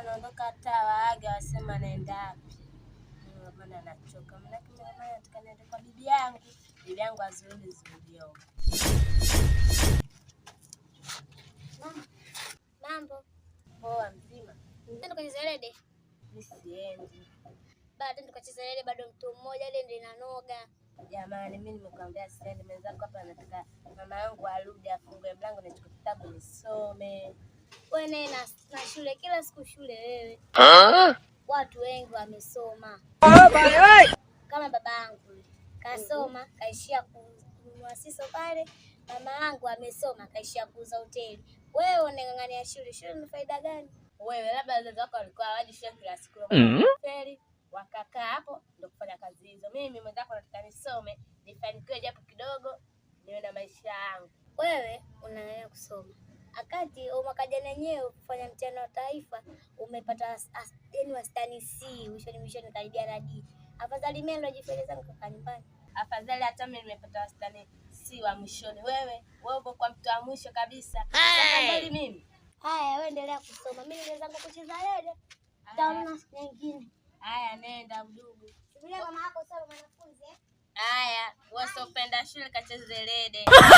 anaondoka hata waage wasema anaenda wapi? Bwana anachoka, manake nataka niende kwa bibi yangu. Bibi yangu azuili zuilio. Mambo poa, mzima. Tukachezarede misiendi baada tukacheza ile bado mtu mmoja ile ndio inanoga. Jamani, mimi nimekuambia siendi. Mwenzangu hapa anataka mama yangu arudi afungue mlango na kitabu nisome wewe naye na shule kila siku shule wewe. Ah? Watu wengi wamesoma kama baba yangu kasoma kaishia kuasiso pale, mama yangu amesoma kaishia kuuza hoteli. Wewe unang'ang'ania shule, shule ni faida gani? Wewe labda wazazi wako walikuwa hawaji shule kila siku mm-hmm. hoteli, wakakaa hapo ndio kufanya kazi hizo. Mimi mwenzako nataka nisome nifanikiwe japo kidogo, niwe na maisha yangu. Wewe unaangalia kusoma akati mwaka jana wenyewe kufanya mtihani wa taifa umepata yani wastani C, mwishoni mwishoni karibia na D. Afadhali mimi nilojieleza nikakaa nyumbani, afadhali hata mimi nimepata wastani C wa mwishoni. Wewe wewe uko kwa mtu wa mwisho kabisa, afadhali mimi. Haya, wewe endelea kusoma, mimi niweza kucheza lede tamna nyingine. Haya, nenda mdugu mama yako sio mwanafunzi. Eh? Haya, wasopenda shule kacheze lede